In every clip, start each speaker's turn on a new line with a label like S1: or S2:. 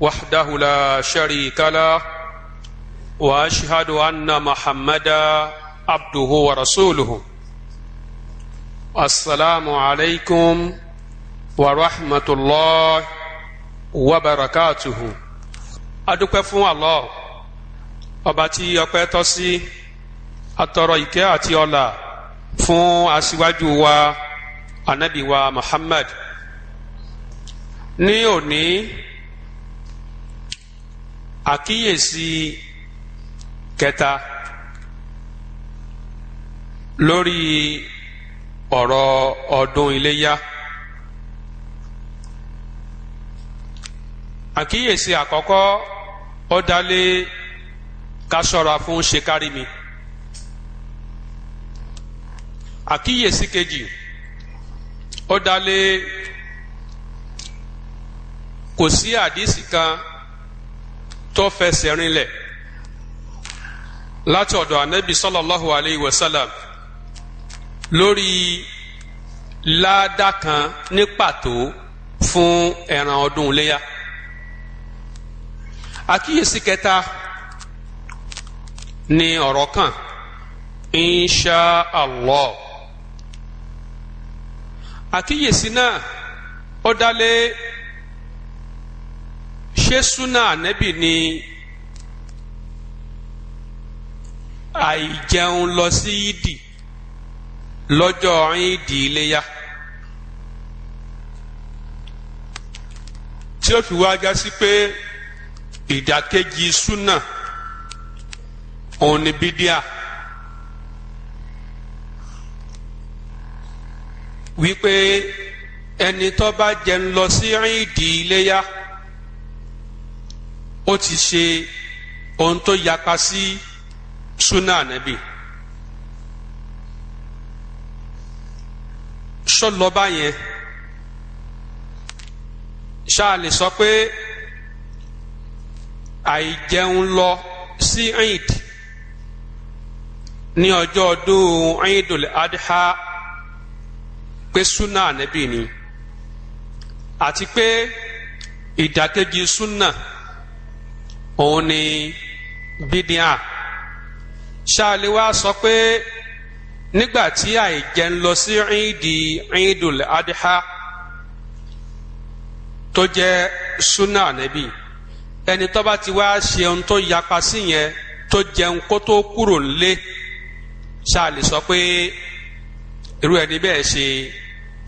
S1: وحده لا شريك له واشهد ان محمدا عبده ورسوله السلام عليكم ورحمه الله وبركاته adúpẹ́ fún Allah ọba tí ọpẹ́ tọ́ sí atọrọ ìkẹ́ àti ọlà fún aṣíwájú wa anabi Muhammad ní òní àkíyèsí kẹta lórí ọ̀rọ̀ ọdún iléyá àkíyèsí àkọ́kọ́ ó dálé ká ṣọ́ra fún ṣe kárí mi àkíyèsí kejì ó dálé kò sí àdísì kan tó fẹsẹ̀ rinlẹ̀ láti ọ̀dọ̀ anabi sallallahu alayhi wa sallam lórí láàdá kan ní pàtó fún ẹran ọdún iléyà àkíyèsí kẹta ni ọ̀rọ̀ kan insha allah àkíyèsí náà ó dá lé ṣé súnà ànábì ni àìjẹun lọ sí ìdì lọ́jọ́ ìdì iléyà tí ó fi wá já sí pé ìdàkejì súnà òun ni bídíà wípé ẹni tó bá jẹun lọ sí ìdì iléyà ó ti ṣe ohun tó yapa sí súnà ànábì sọlọba yẹn ṣáà lè sọ pé àìjẹun lọ sí Eid ní ọjọ́ ọdún Eidul Adha pé súnà ànábì ni àti pé ìdàkejì súnà òun ni bídíà ṣáàlì wa sọ pé nígbà tí àìjẹ́ ń lọ sí ìdí ìdùl adha tó jẹ́ súnà ànábì ẹni tó bá ti wá ṣe ohun tó yapa sí yẹn tó jẹun kó tó kúrò lé ṣáàlì sọ pé irú ẹni bẹ́ẹ̀ ṣe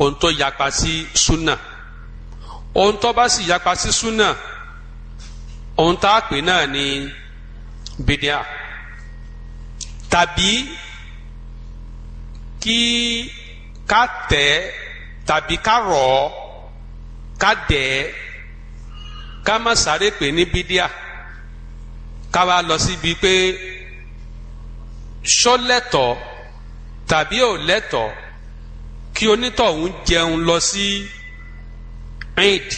S1: ohun tó yapa sí súnà ohun tó bá sì yapa sí súnà ohun tá a pè náà ni bidia tàbí kí ká tẹ̀ tàbí ká rọ̀ ọ́ ká dẹ̀ ká má sáré pè ní bidia ká wá lọ síbi pé ṣọ́lẹ̀tọ̀ tàbí ò lẹ́tọ̀ kí onítọ̀hún jẹun lọ sí Eid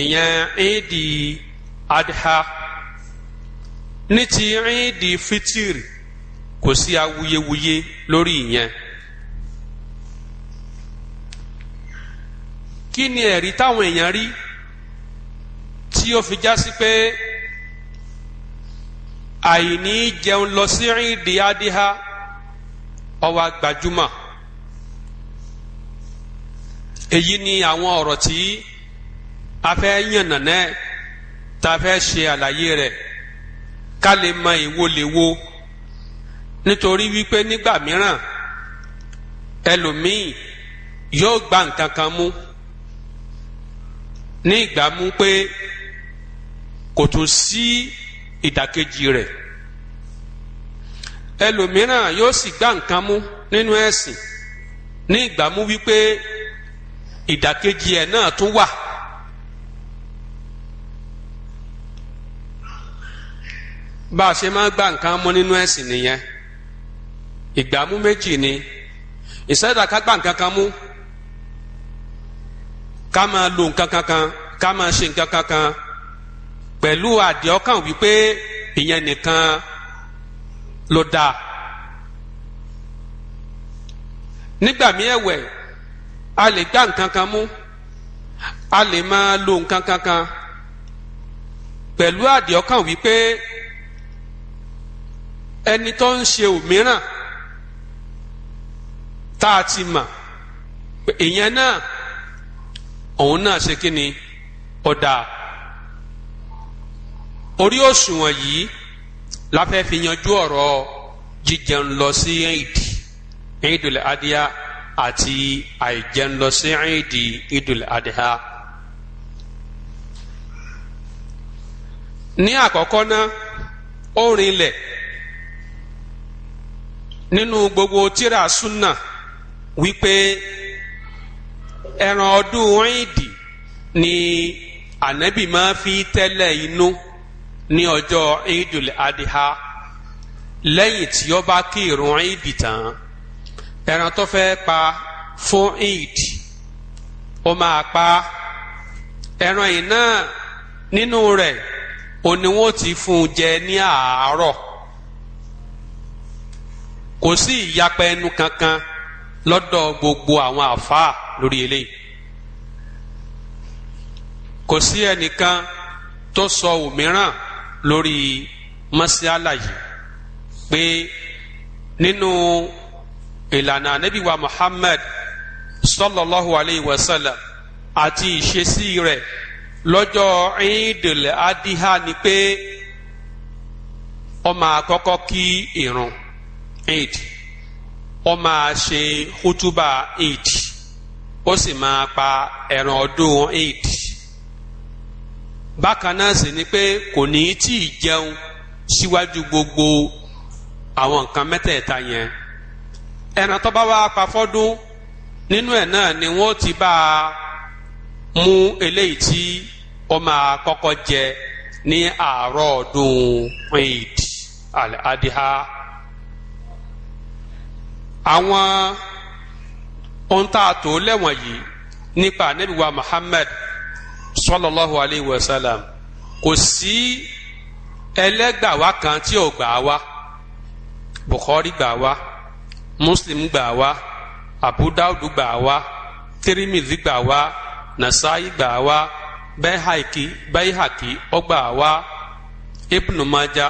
S1: ìyẹn Eid adha ní ti ìdí fitiri kò sí awuyewuye lórí ìyẹn kí ni ẹ̀rí táwọn èèyàn rí tí ó fi já sí pé àìní jẹun lọ sí ìdí adha ọwọ́ gbajúmọ̀ èyí ni àwọn ọ̀rọ̀ tí a fẹ́ tá a fẹ́ ṣe àlàyé rẹ̀ ká lè mọ ìwoléwo nítorí wípé nígbà mìíràn ẹlòmíì yóò gba nǹkan kan mú ní ìgbà mú pé kò tún sí ìdàkejì rẹ̀ ẹlòmíràn yóò sì gba nǹkan mú nínú ẹ̀sìn ní ìgbà mú wípé ìdàkejì ẹ̀ náà tún wà. bá a ṣe máa gba nǹkan mú nínú ẹ̀sìn nìyẹn ìgbàmú méjì ni ìṣẹ́dá ká gba nǹkan kan mú ká máa lo nǹkan kankan ká máa ṣe nǹkan kankan pẹ̀lú àdìẹ ọkàn wípé ìyẹn nìkan ló dáa nígbà míì ẹ̀wẹ̀ a lè gba nǹkan kan mú a lè máa lo nǹkan kankan pẹ̀lú àdìẹ ọkàn wípé ẹni tó ń ṣe òmíràn tá a ti mà ìyẹn náà òun náà ṣe kí ni ọ̀dà orí òṣùwọ̀n yìí la fẹ́ fi yanjú ọ̀rọ̀ jíjẹun lọ sí ẹ̀ẹ́dì ẹ̀ẹ́dùl adìyà àti àìjẹun lọ sí ẹ̀ẹ́dì ẹ̀ẹ́dùl adìyà. ní àkọ́kọ́ náà ó rinlẹ̀ nínú gbogbo tíra súnà wípé ẹran ọdún ìdì ni ànábì máa fi tẹ́lẹ̀ inú ní ọjọ́ Eidul Adha lẹ́yìn tí ó bá kí ìrun tán ẹran tó fẹ́ pa fún ìdì ó máa pa ẹran yìí náà nínú rẹ̀ òní wọn ti fún un jẹ ní àárọ̀. kò sí ìyapa ẹnu kankan lọ́dọ̀ gbogbo àwọn àfáà lórí eléyìí kò sí ẹnìkan tó sọ òmíràn lórí masiala yìí pé nínú ìlànà anabiwa Muhammad sallallahu alayhi wa sallam àti ìṣesí rẹ̀ lọ́jọ́ ìdìlẹ adiha ni pé ó máa kí irun. E eid ó máa ṣe hutuba eid ó sì máa pa ẹran ọdún eid bákan náà sì ni pé kò ní í tí ì jẹun síwájú gbogbo àwọn nǹkan mẹ́tẹ̀ẹ̀ta yẹn ẹran tó bá wá pa fọ́dún nínú ẹ̀ náà ni wọ́n ti bá a mú eléyìí tí ó máa kọ́kọ́ jẹ ní àárọ̀ ọdún eid al-adha. al adha àwọn ohun tá a tó lẹ́wọ̀n yìí nípa ànábì Muhammad sallallahu alayhi wa sallam kò sí ẹlẹ́gbàá kan tí ò gbà wá Bukhari Muslim gbà wá Abu gbà wá Tirmidhi gbà wá Nasai gbà Ibn maja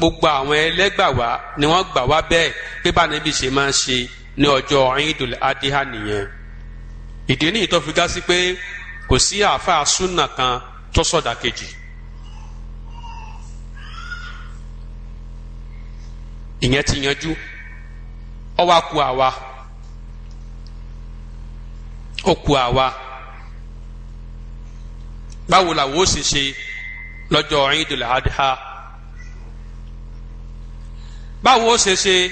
S1: gbogbo àwọn ẹlẹ́gbàwá ni wọ́n gbà wá bẹ́ẹ̀ pé bá níbi ṣe máa ń ṣe ní ọjọ́ ayídùl adéhà nìyẹn ìdí nìyí tó fi gá sí pé kò sí àáfàá súnà kan tó sọ̀dà kejì ìyẹn ti yanjú ó wá kù àwa ó kù àwa báwo làwọn ó sì ṣe lọ́jọ́ ayídùl adéhà báwo ó ṣe ṣe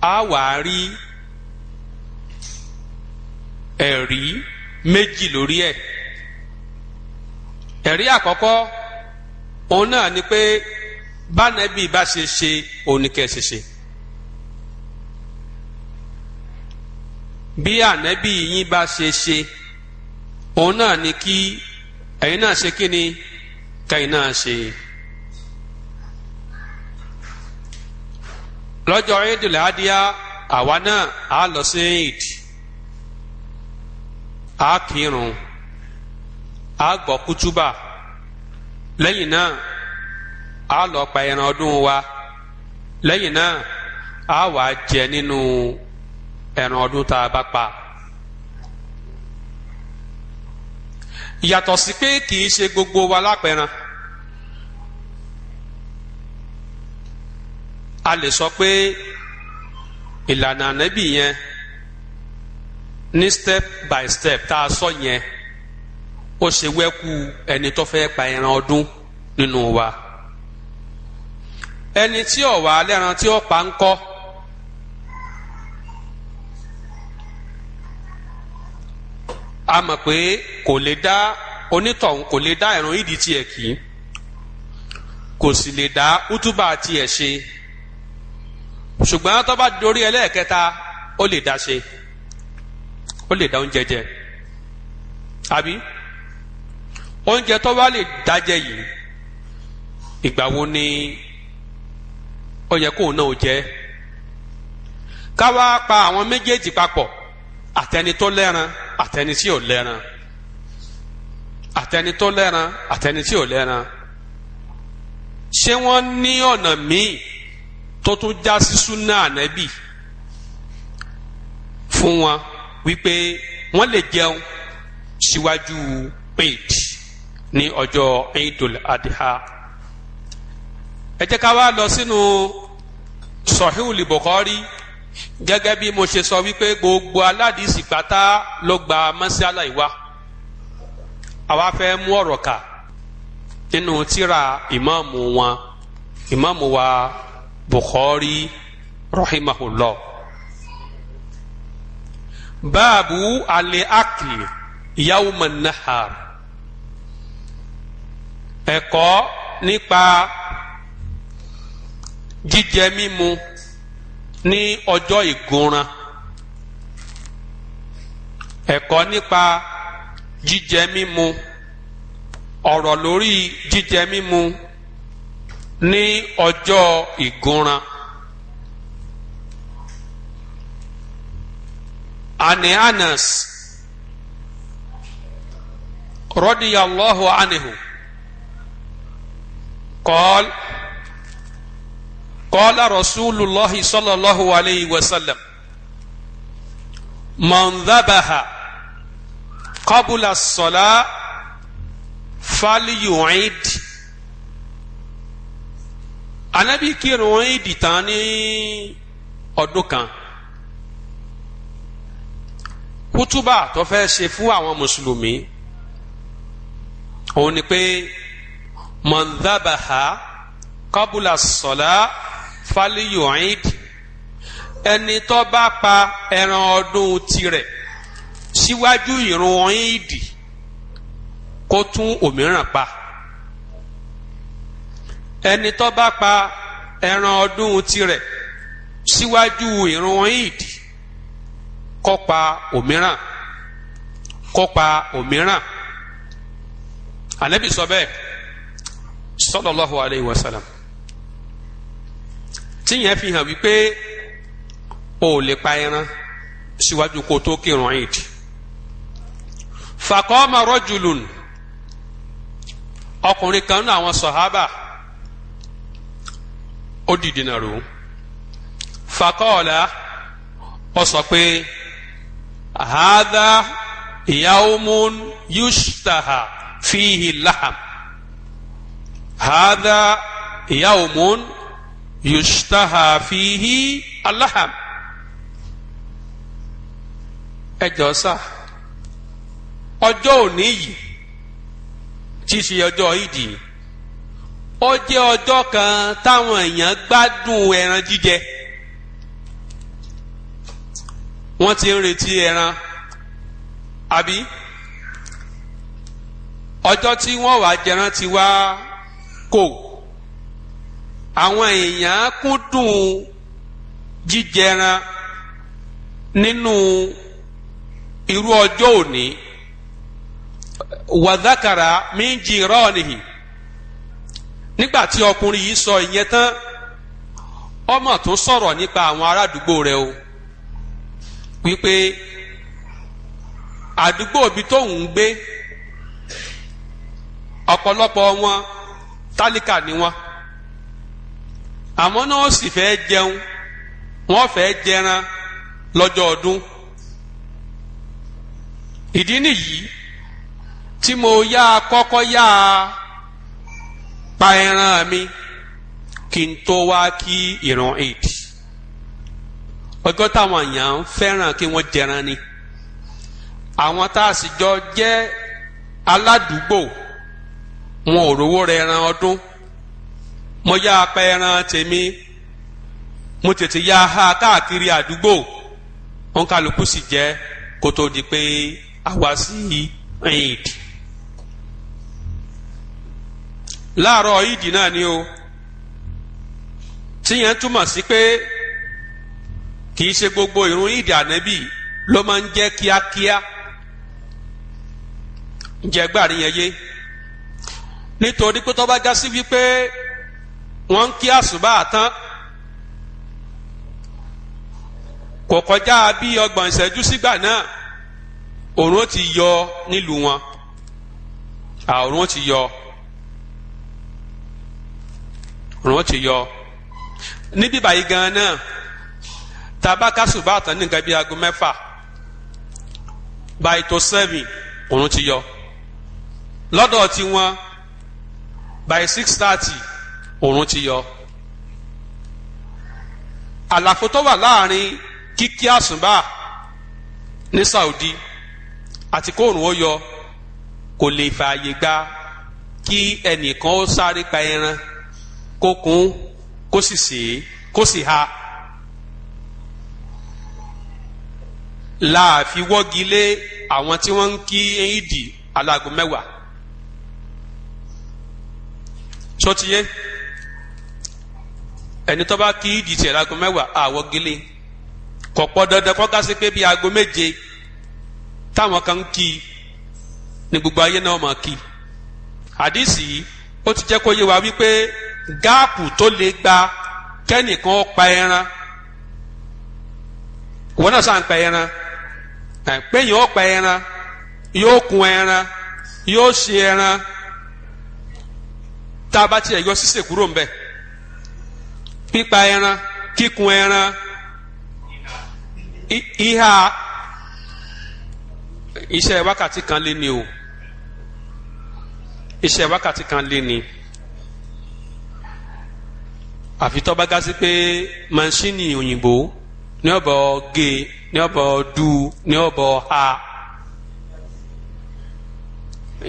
S1: á wà á rí ẹ̀rí méjì lórí ẹ̀ ẹ̀rí àkọ́kọ́ òun náà ni pé bánẹ́bí bá ṣe ṣe òun ni kẹ́ ṣe ṣe. bí ànẹ́bí yín bá ṣe ṣe òun náà ni kí ẹ̀yin náà ṣe kí ni kẹ́yìn náà ṣe. lọ́jọ́ Eidul Adha àwa náà a lọ sí Eid a kírun a gbọ́ kútúbà lẹ́yìn náà a lọ pa ẹran ọdún wa lẹ́yìn náà a wàá jẹ nínú ẹran ọdún tá a bá pa. yàtọ̀ sí pé kì í ṣe gbogbo wa lápẹran. a lè sọ pé ìlànà ànábì yẹn ní step by step tá a sọ yẹn ó ṣe wẹ́kú ẹni tó fẹ́ pa ẹran ọdún nínú wa ẹni tí ó wà lẹ́ran tí ó pa ń kọ́ a mọ̀ pé kò lè dá onítọ̀hún kò lè dá ẹ̀rùn ìdí tiẹ̀ kì í kò sì lè dá útúbà tiẹ̀ ṣe ṣùgbọ́n tó bá dorí ẹlẹ́ẹ̀kẹta ó lè dá ṣe ó lè dá oúnjẹ jẹ àbí oúnjẹ tó bá lè dá jẹ yìí ìgbà wo ni ó yẹ kóun náà jẹ ká wá pa àwọn méjèèjì papọ̀ àtẹni tó lẹ́ran àtẹni tí ò lẹ́ran àtẹni tó lẹ́ran àtẹni tí ò lẹ́ran ṣé wọ́n ní ọ̀nà míì tó tún já sí súnà ànábì fún wọn wípé wọ́n lè jẹun síwájú eid ní ọjọ́ eidul adha ẹ jẹ́ ká wá lọ sínú sọ̀híùlì bùkọ́rí gẹ́gẹ́ bí mo ṣe sọ wípé gbogbo aládìsí pátá ló gba mọ́sálà ìwá àwa fẹ́ mú ọ̀rọ̀ kà nínú tírà ìmáàmù wọn ìmáàmù wa bukhari rahimahullah baabu ale akli yawma nahar ẹ̀kọ́ nípa jíjẹ mímu ní ọjọ́ ìgúnran ẹ̀kọ́ nípa jíjẹ mímu ọ̀rọ̀ lórí jíjẹ mímu ní ọjọ́ ìgúnran ani Anas radiyallahu anhu قال قال رسول الله صلى الله عليه وسلم من ذبح قبل الصلاة فليعيد anabi kírun ìdì tán ní ọdún kan kútúbà tó fẹ́ ṣe fún àwọn mùsùlùmí òun ni pé mọ̀ndábàá kọ́bùlà sọ̀lá fáliyọ̀ìd ẹni tó bá pa ẹran ọdún tirẹ̀ síwájú ìrun ìdì kó tún òmíràn pa ẹni tó bá pa ẹran ọdún tirẹ̀ síwájú ìrun Eid kó pa òmíràn kó òmíràn Ànábì sọ bẹ́ẹ̀ sallallahu alayhi wa sallam tíyẹn fi hàn wípé o lè pa ẹran síwájú kó tó kírun Eid faqama rajulun ọkùnrin kan náà àwọn sọ̀hábà ó dìde nàró fakọọla ó sọ pé hadha yaumun yushtaha fihi laham hadha yaumun yushtaha fihi alaham ẹ sá ọjọ́ òní yìí tí í ṣe ọjọ́ ìdí yìí ó jẹ́ ọjọ́ kan táwọn èèyàn gbádùn ẹran jíjẹ wọ́n ti ń retí ẹran àbí ọjọ́ tí wọ́n wàá jẹran ti wá kò àwọn èèyàn kúndùn jíjẹran nínú irú ọjọ́ òní wàdákàrà méjì rọ́ọ̀nìyí. nígbà tí ọkùnrin yìí sọ ìyẹn tán ọmọ tún sọ̀rọ̀ nípa àwọn arádùúgbò rẹ̀ o wípé àdúgbò ibi tóun ń gbé ọ̀pọ̀lọpọ̀ wọn tálíkà ni wọn àmọ́ náà sì fẹ́ jẹun wọ́n fẹ́ jẹran lọ́jọ́ ọdún ìdí nìyí tí mo yá kọ́kọ́ yá a pa ẹran mi kí n tó wá kí ìran Eid ọjọ́ táwọn èèyàn fẹ́ràn kí wọ́n jẹran ni àwọn tá a sì jọ jẹ́ aládùúgbò wọn ò rówó rẹ ẹran ọdún mo yá apẹ ẹran tèmi mo tètè yá ha káàkiri àdúgbò wọn kálukú sì jẹ kó tó di pé a wá sí Eid láàárọ̀ ìdì náà ni o yẹn túmọ̀ sí pé kì í ṣe gbogbo irun ìdì ànẹ́bì ló máa ń jẹ́ kíákíá ǹjẹ́ gbàrí yẹn yé nítorí pé tó bá já sí wípé wọ́n ń kí àsùbá àtán kò kọjá bí ọgbọ̀n ìṣẹ́jú sígbà náà ti yọ nílùú wọn àòrùn ti yọ. òrùn ó ti yọ níbí báyìí gan náà tabakasu bá tán ní nǹkan bíi aago mẹ́fà báyìí tó seven òrùn ti yọ lọ́dọ̀ tiwọn báyìí six thirty òrùn ti yọ àlàfo tó wà láàrin kíkí àsùnbà ní Saudi àti kóòrùn ó yọ kò lè fààyè gba kí ẹnìkan ó sáré pa ẹran kó kún kó sì sè é kó sì ha láàfi wọ́gi lé àwọn tí wọ́n ń kí éyídì aláàgọ́ mẹ́wàá sọtiyé ẹni tó bá kí éyídì tiẹ̀ aláàgọ́ mẹ́wàá àwọ́gi lé kò pọ̀ dandan kó gásí pé bíi aago méje táwọn kan ń kí ni gbogbo ayé náà máa kí àdìsí ó ti jẹ́ kó yé wa wípé gáàpù tó lè gba kẹ́nìkan pa ẹran wọn náà sàn pa ẹran péyìn ó pa ẹran yóò kun ẹran yóò ṣe ẹran tá a bá tiẹ̀ yọ sísè kúrò ńbẹ pípa ẹran kíkun ẹran ìhà iṣẹ́ wákàtí kan lé ní o iṣẹ́ wákàtí kan lé ní àfi tó bá gasi pé mansini òyìnbó ní ọ̀bọ̀ gé ní ọ̀bọ̀ du ní ọ̀bọ̀ ha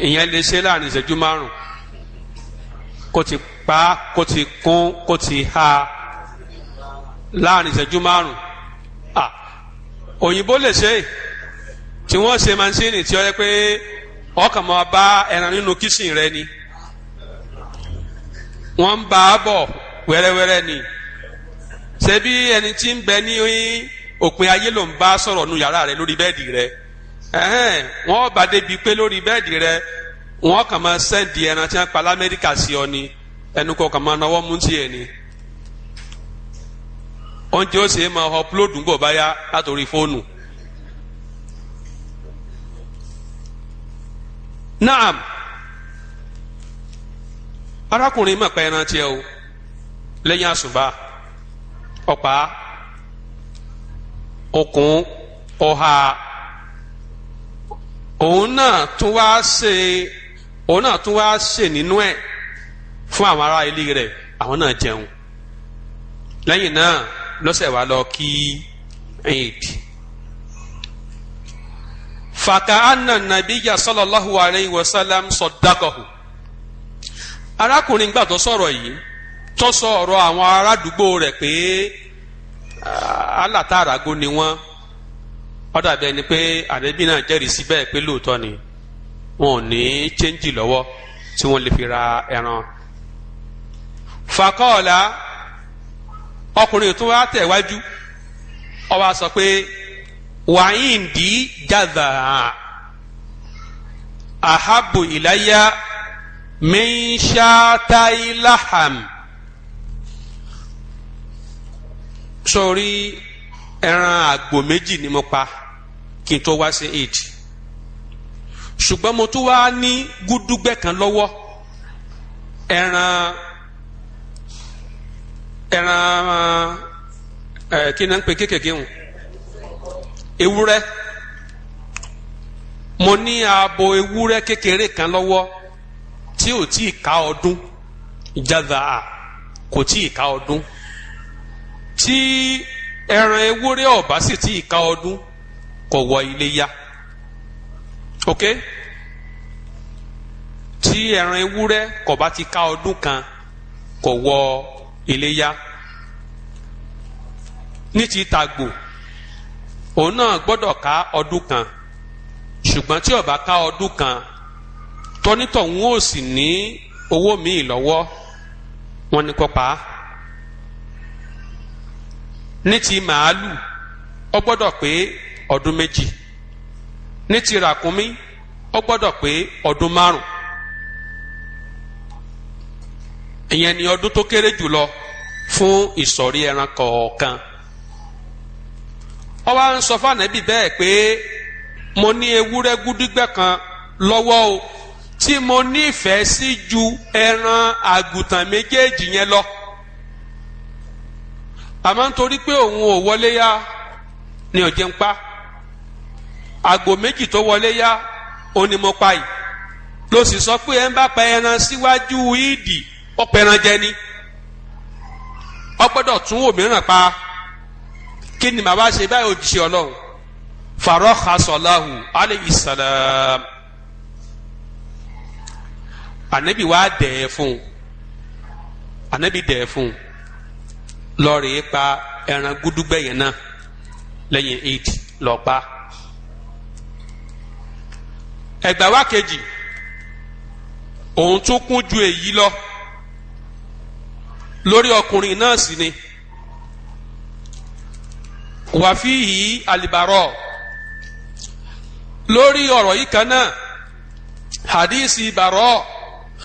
S1: ìyẹn lè ṣe láàrin ìṣẹ́jú márùn kó ti pa kó ti kún kó ti ha láàrin ìṣẹ́jú márùn ah òyìnbó lè ṣe tí wọ́n ṣe mansini tí ó yẹ pé ọkàn máa bá ẹran nínú kíṣìn rẹ ni wọ́n ń bá a bọ̀ wẹ́rẹ́wẹ́rẹ́ ni Sebi bí ẹni tí ń bẹ ní òpin ayé ló ń bá sọ̀rọ̀ nu yàrá rẹ lórí bẹ́ẹ̀dì rẹ ẹ̀hẹ́n wọ́n bá débi pé lórí rẹ wọ́n kàn máa sẹ́ǹdì ẹran tí ni ẹnu kọ kàn máa náwó mú tiẹ̀ ni oúnjẹ ó sì máa ọpulóòdù ńgbọ̀ báyá látòrí fóònù. naam arákùnrin mọ̀ pé ẹran o. lẹ́yìn àṣùbà ọ̀pá okùn ọ̀hà òun náà tún wá ṣe òun náà tún wá ṣe nínú ẹ̀ fún àwọn ará ilé rẹ̀ àwọn náà jẹun lẹ́yìn náà lọ́sẹ̀ wá lọ kí eid fàkà anna nàbíyà sallallahu alayhi wa sallam saddaqahu arákùnrin gbàtọ́ sọ̀rọ̀ yìí tó sọ ọ̀rọ̀ àwọn arádùúgbò rẹ̀ pé alátàràgó ni wọ́n ó dàbí ẹni pé àdébí náà jẹ́rìí sí bẹ́ẹ̀ pé lóòótọ́ ni wọn ò ní chẹ́ńjì lọ́wọ́ tí wọ́n lè fi ra ẹran. fàkọ́ọ̀lá ọkùnrin tó wá tẹ̀ wájú ó wá sọ pé wàyíǹdì jàdà àhábù ìláyà mẹ́ńṣátáì sórí ẹran àgbò méjì ni mo pa kí n tó wá sí Eid ṣùgbọ́n mo tún wá ní gúdúgbẹ́ kan lọ́wọ́ ẹran ẹran ẹ kí náà ń pè kékèké hùn ewúrẹ́ mo ní abo ewúrẹ́ kékeré kan lọ́wọ́ tí ò tí ì ká ọdún jádà kò tí ì ká ọdún tí ẹran ewúrẹ́ ọ̀bá sì ti ìka ọdún kò wọ iléyá ok tí ẹran ewúrẹ́ kò ti ka ọdún kan kò wọ iléyá ní ti tàgbò òun náà gbọ́dọ̀ ka ọdún kan ṣùgbọ́n tí ó ka ọdún kan tọ́nítọ̀hún ó sì ní owó míì lọ́wọ́ wọn ni kó pa á. ní ti màálù ó gbọ́dọ̀ pé ọdún méjì ní ti ràkúnmí ó gbọ́dọ̀ pé ọdún márùn ìyẹn ni ọdún tó kéré jùlọ fún ìsọ̀rí ẹran kọọkan ọ wá ń sọ fún ànábì bẹ́ẹ̀ pé mo ní ewúrẹ́ gúdígbẹ́ kan lọwọ o tí mo nífẹ̀ẹ́ sí ju ẹran àgùntàn méjèèjì yẹn lọ. àmọ́ nítorí pé òun ò wọlé yá ni ò jẹun pa àgbò méjì tó wọlé yá òun ni mo pa yìí ló sì sọ pé ẹ ń bá pa ẹran síwájú ìdì ọ̀pọ̀ ẹran jẹ ni ọ gbọ́dọ̀ tún òmíràn pa kí ni màá wá ṣe báyìí òjìṣẹ́ ọlọ́run farokha sọláhu aleyhi salam ànábì wa dẹ̀ ẹ́ fún un dẹ̀ ẹ́ fún un lọ́ọ̀rì pa ẹran gúdúgbẹ́ yẹn náà lẹ́yìn eid lọ́pa. ẹ̀gbà wa kejì òun tún kún ju èyí lọ lórí ọkùnrin náà sì ni wàfíì alibarọ lórí ọ̀rọ̀ yìí kan náà hadisi barọ.